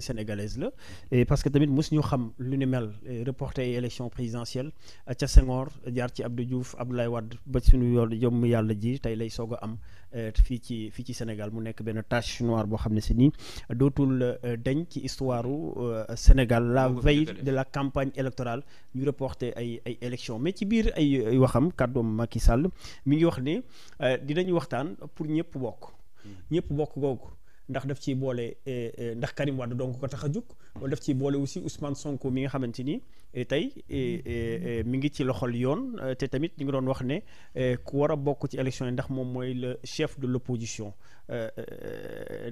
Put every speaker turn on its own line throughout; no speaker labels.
sénégalaise la parce que tamit mos ñu xam lu ni mel eh, reporté ay élection présidentielle ca Senghor jaar ci ab Abdou Diouf Abdoulaye Wade ba suñu yoon jom yàlla ji tey lay soog a am eh, fii ci fii ci Sénégal mu nekk benn tache noire boo xam ne si nii eh, dootul deñ ci histoire Sénégal la veille de la campagne électorale ñu reporté ay ay élection mais ci biir ay waxam kàddoom Macky Sall mi ngi wax ni ne dinañu waxtaan pour ñëpp bokk mm. ñëpp bokk googu ndax daf ciy boole eh, eh, ndax Karim Wade donc ko tax a jug wala def ciy boole aussi usman Sonko mi nga xamante ni eh, tey mi ngi ci loxol yoon te tamit ñu ngi doon wax ne ku war a bokk ci élection yi ndax moom mooy le chef de l'opposition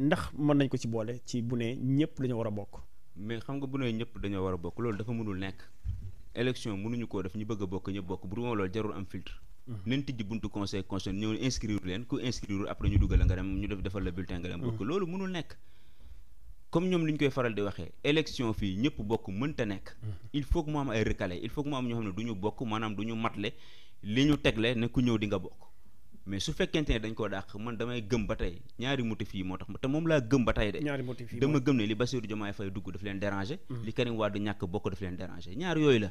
ndax mën nañ ko ci boole ci bu ne ñëpp dañoo war a bokk.
mais xam nga bu ne ñëpp dañoo war a bokk loolu dafa mënul nekk élection mënuñu koo def ñu bëgg a bokk ñëpp bokk bu dul loolu jarul am filtre. Mmh. nañ tijji buntu conseil constitutionnel ñëw inscrire leen ku inscrire après ñu dugal nga dem ñu def defal la bulletin nga dem. bokk mmh. loolu mënul nekk. comme ñoom li ñu koy faral di waxee élection fii ñëpp bokk mënta nekk. Mmh. il faut que mu am ay recalé il faut que mu am ñoo xam ne du ñu bokk maanaam du ñu matle li ñu tegle ne ku ñëw di nga bokk. mais su fekkente ne dañ koo dàq man damay gëm ba tey ñaari motif yi moo tax te moom laa gëm ba tey de. ñaari motif dama gëm ne li bokk daf leen ñaar yooyu la.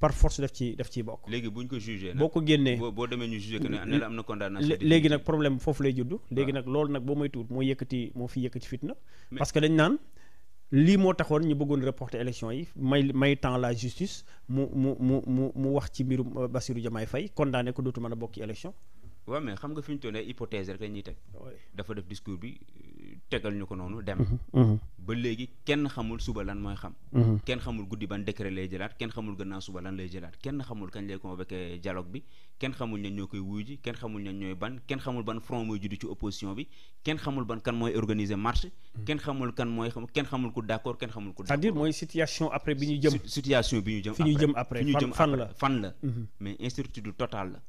par force daf ci daf ciy bokk.
léegi bu ñu ko jugee boo ko génnee boo boo demee ñu jugee que ne am na condamnation. léegi nag
problème foofu lay judd. léegi nag loolu nag boo may tuut moo yëkkati moo fi yëkkati fitna. parce que dañ naan lii moo taxoon ñu bëggoon reporter élection yi may may temps la justice mu mu mu mu mu wax ci mbirum euh, Bassirou Diomaye fay condamné ko dootu mën a bokk ci élection.
waaw mais xam nga fi ñu toll hypothèse rek la ñuy teg. dafa def tegal ñu ko noonu dem ba léegi kenn xamul suba lan mooy xam kenn xamul guddi ban décret lay jëlaat kenn xamul naa suba lan lay jëlaat kenn xamul kañ lay convoqué dialogue bi kenn xamul ñan ñoo koy wuyu ji kenn xamul ñan ñooy ban kenn xamul ban front mooy juddu ci opposition bi kenn xamul ban kan mooy organiser marche kenn xamul kan mooy xam kenn xamul ku d'accord kenn xamul ku c'est-à-dire mooy
situation après bi ñu jëm situation bi
ñu jëm fi ñu jëm après fi ñu jëm fan la fan la du incertitude totale la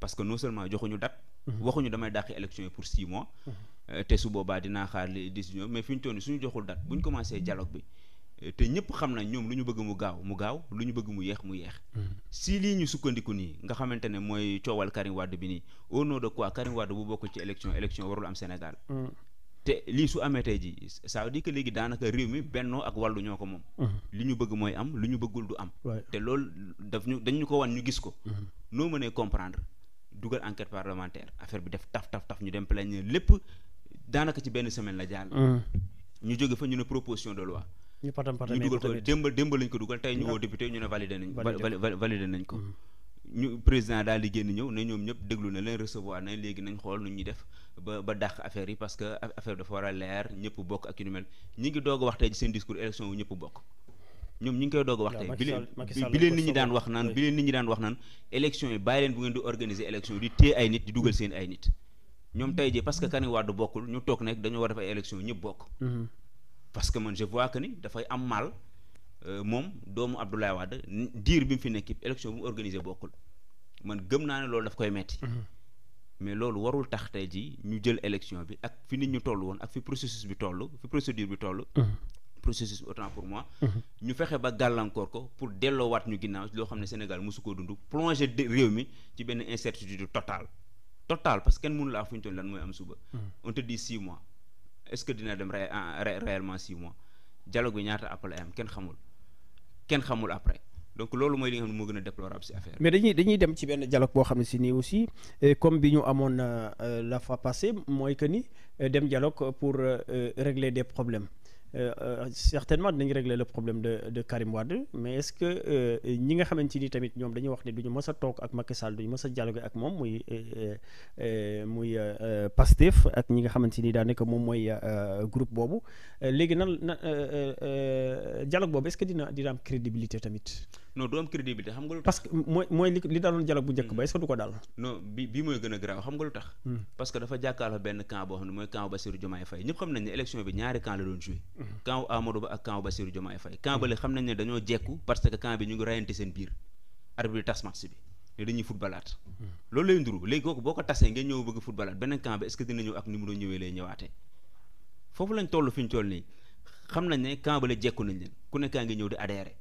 parce que non seulement joxuñu date waxuñu damay dàqi élection yi pour six Euh, te su boobaa dinaa xaar li mais fi ñu toll suñu joxul date bu ñu commencé dialogue bi euh, te ñëpp xam na ñoom lu ñu bëgg mu gaaw mu gaaw lu ñu bëgg mu yeex mu yeex. Mm-hmm. si lii ñu sukkandiku nii nga xamante ne mooy coowal Karim Wade bi nii au nom de quoi Karim Wade bu bokk ci élection élection warul am Sénégal. Mm-hmm. te lii su amee tey jii ça veut dire léegi daanaka réew mi bennoo ak wàllu ñoo ko moom. Mm-hmm. li ñu bëgg mooy am lu ñu bëggul du am. te lool daf ñu dañ ñu ko wan ñu gis ko. noo mënee comprendre dugal enquête parlementaire affaire bi def taf taf taf ñu dem plaigner lépp. daanaka ci benn semaine la jàll. Mm. ñu jóge fa ñu ne proposition de loi. ñu patam patam ñu dugal ko démb démb lañ ko dugal tey ñu woo député ñu ne validé nañ ko. validé mm. ko. ñu président daal di génn ñëw ne ñoom ñëpp déglu na leen recevoir na léegi nañ xool nu ñuy def ba ba dàq affaire yi parce que affaire dafa war a leer ñëpp bokk ak yu ñi ngi doog a wax tey seen discours élection wu ñëpp bokk. ñoom ñi ngi koy doog a wax tey bi leen bi daan wax naan bi leen nit daan wax naan élection yi bàyyi leen bu ngeen di organiser élection di seen ay nit ñoom tey jii parce que Karim Wade bokkul ñu toog nekk dañoo war def ay élection bokk. Mhm. parce que man je vois que ni dafay am mal euh, moom doomu Abdoulaye Wade diir bi mu fi nekk élection bu mu organisé bokkul man gëm naa ne loolu daf koy metti mhm. mais loolu warul tax tey jii ñu jël election bi ak fi nit ñu toll woon ak fi processus bi toll fi procédure bi toll. Mhm. processus autant pour moi. ñu fexe ba gàllankoor ko pour delloowaat ñu ginnaaw loo xam ne Sénégal mosu koo dund plonger réew mi ci benn incertitude totale. total parce que kenn mënu laa fu ñu toll lan mooy am suba. Hmm. on te dit six mois est-ce que dina dem ré réellement six mois dialogue bi ñaata appel ay am kenn xamul kenn xamul après. donc loolu mooy li nga xam ne moo gën a déplorable ci affaire mais
dañuy dañuy dem ci benn dialogue boo xam ne si nii aussi comme bi ñu amoon euh, la fois passée mooy que ni euh, dem dialogue pour euh, régler des problèmes. Euh, euh, certainement dinañ rek le problème de de Karim Wade mais est-ce que euh, ñi nga xamante ni tamit ñoom dañuy wax ne duñu mës a toog ak Macky Sall duñu mës a dialoguer ak moom muy muy Pastef ak ñi nga xamante ni nekk moom mooy group boobu léegi nan na dialogue boobu est-ce dina dina am crédibilité tamit.
non du am crédibilité xam nga lu tax.
parce mooy mooy li daaloon dialogue bu njëkk ba mm. est du ko daal.
non bi bi mooy gën a grave xam nga lu tax. Mm. parce que dafa jàkkaarloo benn camp boo xam ne mooy camp bi ñaari camp camp Amadou Ba ak camp Bassirou Diomaye Faye camp bale xam nañ ne dañoo jekku parce que camp bi ñu ngi rayante seen biir arbitre tas match bi ne dañuy footballaat loolu lay nduru léegi kooku boo ko tasee ngeen ñëw bëgg footballaat beneen camp bi est-ce que dina ñëw ak ni mu doon ñëwee lay ñëwaatee foofu lañ toll fi ñu toll nii xam nañ ne camp bale jekku nañ leen ku nekkaa ngi ñëw di adhéré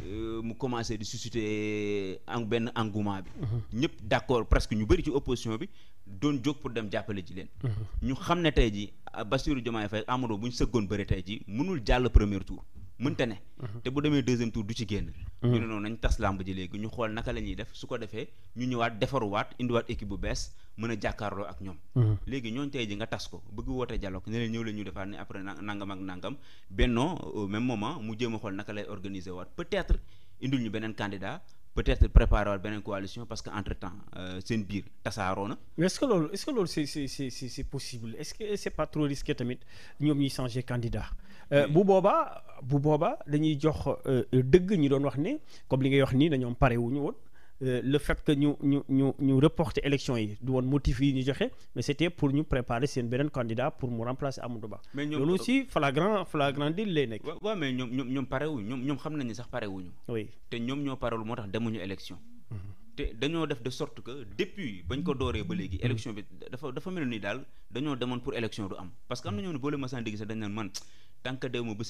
Euh, mu commencé di susciter en benn engouement bi. Mhm. ñëpp d' accord presque ñu bëri ci opposition bi doon jóg pour dem jàppale ji leen. Mhm. ñu xam ne tey jii Bassirou Diomaye Faye Amadou bu ñu sëggoon bëri tey jii mënul jàll premier tour. mënta ne mhm. te bu demee deuxième tour du ci génn mhm. ñu ne noonu nañ tas làmb ji léegi ñu xool naka la ñuy def su ko defee ñu ñëwaat defaruwaat indiwaat équipe bu bees mën a jàkkaarloo ak ñoom mhm. léegi ñooñ tey ji nga tas ko bëgg woote dialogue ne leen ñëw leen ñu defaat ne après nangam ak nangam bennoo au même moment mu jéem a xool naka lay organiser waat peut-être indil ñu beneen candidat peut-être préparer wal beneen coalition parce que entre temps euh, seen biir tasaaroo na.
mais est-ce que loolu est-ce que loolu c'est possible est-ce que c'est pas trop risqué tamit ñoom ñuy changer candidat. Euh, bu boobaa bu boobaa dañuy jox euh, dëgg ñi doon wax ni comme li ngay wax nii dañoom pare wu ñu woon. Euh, le fait que ñu ñu ñu ñu yi du woon motif ñu joxe mais c'était pour ñu préparer seen beneen candidat pour mu remplacer Amadou Ba. ñoom loolu euh, aussi
flagrant flagrant deal lay nekk. waaw mais ñoom ñoom ñoom parewuñu ñoom ñoom xam nañ ne sax parewuñu. te ñoom ñoo parewul moo tax demuñu élection. Mhm. te dañoo def de sorte que depuis bañ ko dooree ba léegi. Mhm. élection bi dafa dafa mel ni daal dañoo demoon pour élection du am. parce que am na mhm. ñoo ne boole ma sànni sax dañ naan man tant que ma ba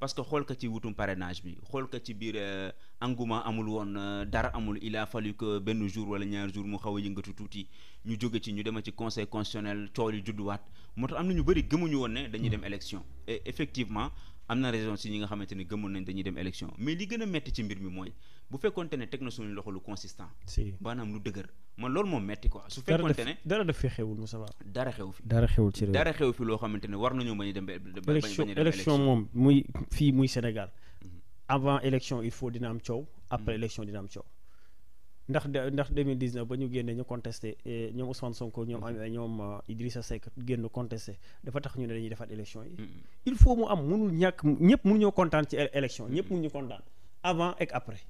parce que xool ka ci wutum parrainage bi xool ko ci biir anguma euh, amul woon euh, dara amul il a fallu benn jour wala ñaar jour mu xaw a yëngatu tuuti ñu jóge ci ñu dema ci conseil constitutionnel coow yi judduwaat moo tax am na ñu bëri gëmuñu woon ne dañuy dem élection et effectivement am na raison si ñi nga xamante ne gëmoon nañ dañuy dem élection mais li gën a metti ci mbir mi mooy bu fekkonte ne teg na suñu loxo lu consistant si maanaam lu dëgër man loolu moom metti ko su fekkonte ne
dara def fi xewul Moussa
dara xew fi dara xewul ci réew dara xew fi loo xamante ne war nañoo bañ a dem élection élection moom
muy fii muy Sénégal mhm. avant élection il faut dina am coow après mhm. élection dina am coow ndax ndax 2019 ba ñu génnee ñu contesté eh, ñoom Ousmane Sonko ñoom mm-hmm. am ñoom eh, Idrissa Seck génn contesté dafa tax ñu ne dañuy defaat élection yi. Mm-hmm. il faut mu am mënul ñàkk ñëpp mënuñoo kontaan ci élection ñëpp mënuñu mm-hmm. kontaan avant ak après.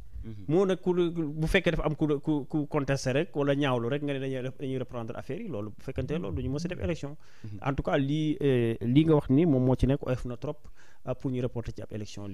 moo nag ku bu fekkee dafa am ku ku ku contesté rek wala ñaawlu rek nga ne dañuy dañuy affaire yi loolu bu fekkante loolu duñu mës a def élection. en tout cas lii eh, lii nga wax ni moom moo ci nekk oyof na trop ah, pour ñu reporter ci ab élection.